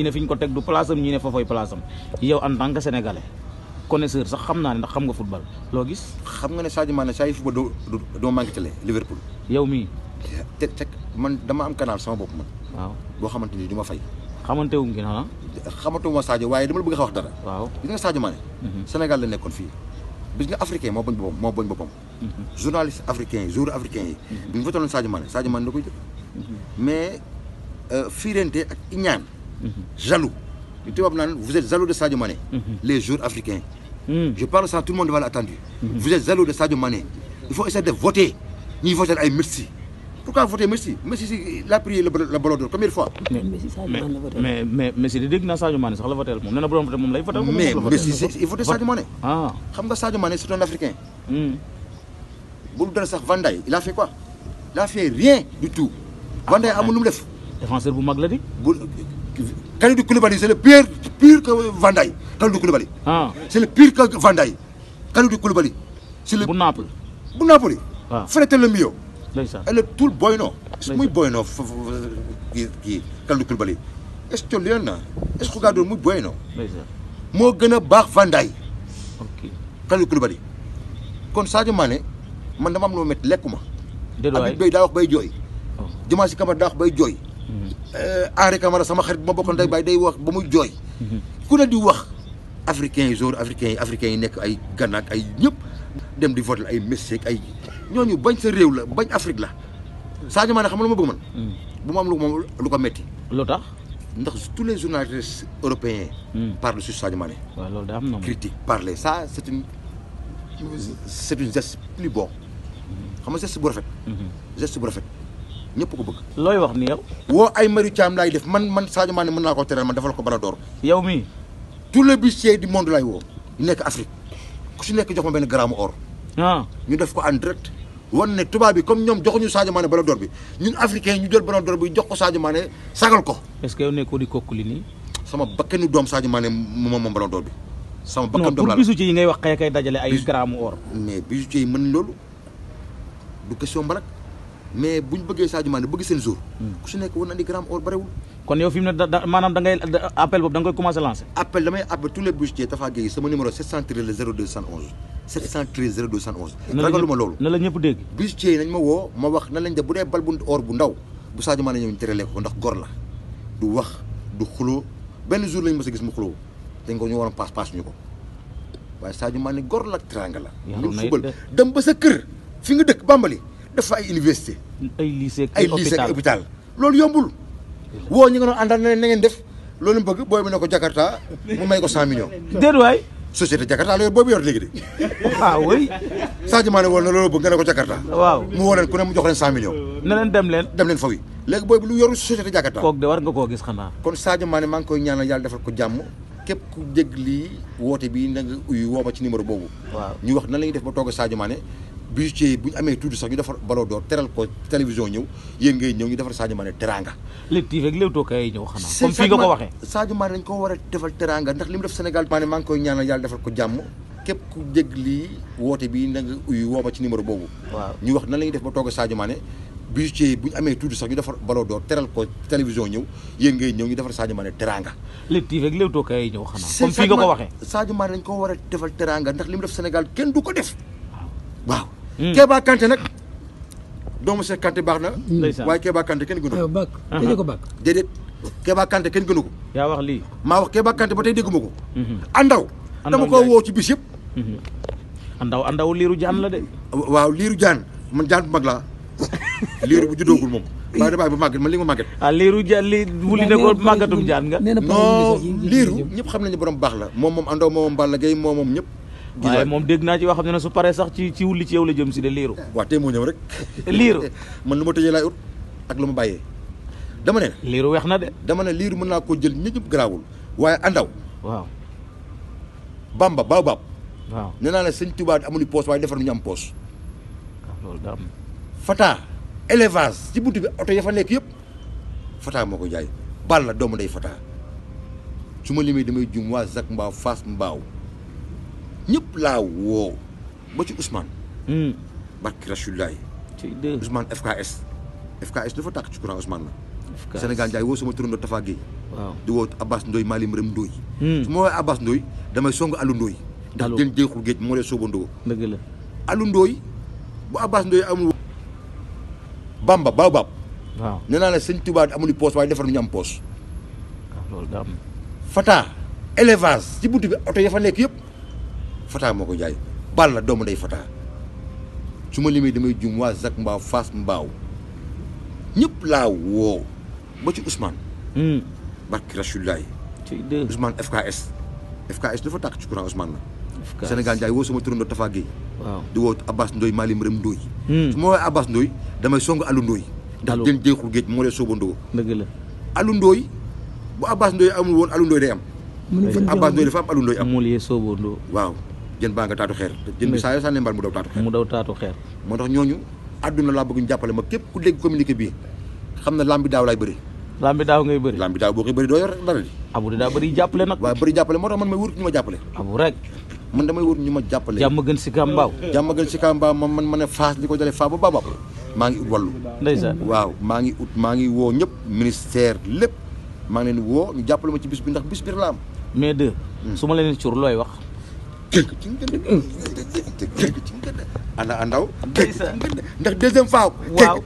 ñi ne fi ko teg du place am ñi ne foofoy place am yow en tant que sénégalais connaisseur sax xam naa ne ndax xam nga football loo gis. xam nga ne Sadio Mané saa yu football doo doo manqué télé yow mii. te te man dama am canal sama bopp boo xamante ni du ma fay. xamante wu ngi ah. xamantuma Sadio waaye dama la bëgg a wax dara. waaw gis nga Sadio Mané. Mhm. Sénégal la nekkoon fii. bis nga africain moo bañ moo bañ boppam. Mhm. journaliste africain yi jour africain yi. Mhm. bu ñu fa tolloon Sadio Mané Sadio Mané mais euh, fiirante ak iñaan. Mhm. jaloux li tubaab naan vous êtes jaloux de Sadio Mané mhm. les jours africains mhm. je parle ça tout le monde va l'attendu vous êtes jaloux de Sadio Mané il faut essayer de voter ñuy voter ay merci pourquoi voter Messi Messi si pris le ballon d'or combien fois. mais mais mais Messi di dégg naa Sadio Mané sax la voté moom nee na borom voté moom lay voté. si il ah. africain. Hmm. bu dul sax Van Dijk il a fait quoi. il a rien du tout. Van Dijk amul lu def. défenseur bu mag la di. bu Kalidou Koulibaly c' est le pire pire que Van Dijk Kalidou Koulibaly. ah c' est le pire que Van Dijk Kalidou Koulibaly. c' est le bu Naples. bu ah. boy noo. muy boy noo moo gën a baax Van Dijk. ok Kalidou Koulibaly. kon Sadio Mané man dama am lu lekkuma. déedéet daa wax bay jooy. Oh. Dimanche Kamara daa wax bay jooy. Euh, Henri Camara sama xarit bu ma bokkoon day bàyyi day wax ba muy jooy. ku ne di wax africains yi jour africains yi africains yi nekk ay Ghana ay ñëpp. dem di voter ay Messi ak ay ñooñu bañ sa réew la bañ Afrique la Sadio Mané xam nga lu ma bëgg man. Hmm. bu ma am lu moom lu ko metti lu tax ndax tous les journalistes européens. Hmm. parlent sur Sadio Mané. waaw loolu daa am na critique parler ça c' est une c' est une geste plus bon hmm. xam nga geste rafet. geste bu rafet. ñëpp ko bëgg. looy wax ni yow. woo ay Mariou Thiam laay def man man Sadio Mané mën naa koo teree man defal ko bala door. yow mii. tous les bijoutiers du monde laay woo. nekk Afrique ku nekk jox ma benn gramme or. Ah. ñu def ko en wan ne tubaab bi comme ñoom joxuñu Sadio Mané bala door bi ñun africain ñu jël bala door bi jox ko Sadio Mané sagal ko. est-ce que yow nekkoo di li nii. sama bakkanu doom Sadio Mané moom moom bala door bi. sama bakkan doom la non pour yi ngay wax kay kay dajale ay gramme or. mais bijoutier yi mën loolu du question mbalak mais bu ñu bëggee Sadio Mané bëgg seen jour. ku si nekk war na andi gramme or barewul. kon yow fi mu ne da da maanaam da ngay appel boobu da nga koy commencé lancé. appel damay appel tous les budgets Tafa Gueye sama numéro ma woo ma na lañ bu dee bal bu or bu ndaw bu Sadio Mané ñu terele ko ndax gor la du wax du xuloo benn jour lañ mës a gis mu xuloo dañ ko ñu waroon paas paas ñu ko waaye Sadio Mané gor la ak teraanga la. yaa ba sa kër fi nga dëkk Bambali. dafa ay université. ay lycée ay lycée ak hôpital loolu yombul. woo ñi nga doon àndal na ngeen def loolu bëgg booy bi ne ko Jakarta mu may ko cent millions. waay. société Jakarta la yor boobu yor léegi de. ah oui. Sadio Mané woon na loolu bëgg nga ne ko Jakarta. waaw mu woo ku mu jox leen cent millions. ne leen leen. dem leen faw yi léegi lu yoru société Jakarta. kook de war nga ko gis xanaa. kon Sadio Mané maa ngi koy ñaanal yàlla defal ko jàmm. képp ku dégg lii woote bi na nga uyu ci numéro boobu. waaw ñu wax nan la def ba toog Sadio mane budget yi bu ñu amee tuuti sax ñu defar Ballon d'Or teral ko télévision ñëw yéen ngay ñëw ñu defar Sadio Mané teranga lépp tii rek léewtoo kay ñëw nga ko waxee Sadio Mané dañ ko war a defal teraanga ndax li mu def Sénégal maa ne koy ñaanal yàlla defal ko jàmm képp ku dégg lii woote bi na woo ma ci numéro boobu waaw ñu wax nan la def ba toog Sadio Mané budget yi bu ñu amee tuuti sax ñu defar teral ko télévision ñëw yéen ngay ñëw ñu defar Sadio Mané teranga lépp tii rek léewtoo kay ñëw xanaa comme fii nga ko waxee Sadio Mané dañ ko war a defal teranga ndax li def Sénégal kenn du ko def waaw Mm. Kéba Kanté nag doomu Cheikh kante baax na. waaye Kéba Kanté kenn gënu ko. Eh, bàq dañu ko bàq. déedéet Kéba kenn gënu ko. yaa wax lii. maa wax Kéba Kanté ba tey dégguma ko. Mm-hmm. Andaw. dama ko woo ci bis yëpp. Mm-hmm. Andaw Andaw liiru jaan la de. waaw liiru jaan ma jaan bu mag laa liiru bu juddoogul moom. waaye damaa ba màgget li ma màgget. ah liiru ja li wuli ne ko màggatum jaan nga. non liiru ñëpp xam nañu baax la moom moom Andaw moom Balla Gaye moom moom ñëpp. waaye moom dégg naa ci yoo xam ne su paree sax ci ci wulli ci yow la jëm si de liiru waaw tey moo ñëw rek liiru man lu ma tëjee laay ut ak lu ma bàyyee dama ne liiru weex na de dama ne liiru mën naa koo jël ñëpp garaawul waaye àndaw waaw bamba baaw baab waaw nee naa ne sëñ Tuubaa amuñu poos waaye defar ñu am poos ah, loolu daa am fataa élevage ci buntu bi oto ya fa nekk yëpp fataa moo ko jaay bal la doomu day fataa su ma limee damay jum waa Zac mbaaw Fass mbaaw ñëpp laa woo ba ci Ousmane. Hmm. barki Rasulullah. ci deux FKS. FKS dafa tàkk ci courant Ousmane la. FKS Sénégal Ndiaye woo sama turando Tafa Gueye. waaw woo Abbas Ndoye Malim Rem Ndoye. Hmm. su ma woowee Abbas Ndoye damay song Alou Ndoye. ndax den déexul géej moo lay soobandoo. dëgg la Alou Ndoye bu Abbas Ndoye amul. Bamba Baobab. waaw nee naa ne poos waaye defar nañu am poos. Ah, loolu daa ci buntu bi oto ya fa nekk yëpp. Fata moo ko jaay Balla doomu day Fata su ma limee damay jum waa Zac Mbaaw Fass Mbaaw ñëpp laa woo ba ci Ousmane. Hmm. barki Rasulaay. Ousmane FKS. FKS dafa tàkk ci courant Ousmane la. FKS Sénégal woo sama turandoo Tafa Gueye. waaw woo Abbas Ndoye Malim Rem Ndoye. Hmm. su ma woowee Abbas Ndoye damay song Alou Ndoye. ndax am. Abbas Ndoye am Alou Ndoye am. moo waaw. jën baa nga taatu xeer te jën bi mu daw taatu xeer moo tax ñooñu àdduna laa bëgg ñu jàppale ma képp ku dégg communiqué bii xam ne lambi daaw laay bëri lambi daaw ngay daaw boo koy bëri doo yor dara di abu daa bëri jàppale nag waaw bëri jàppale moo tax man may wut ñu ma jàppale abu rek man damay ma jàppale jàmm gën si kàmbaaw jàmm man ma ne faas li ko dalee faa ba baabaab maa ngi ut wallu waaw maa ngi ut maa ngi woo ñëpp ministère lépp maa ngi leen woo ñu jàppale ma ci bis ndax bi la mais deux hmm. su ma leen cur looy wax Mm. ana andaw ndax deuxième fois waaw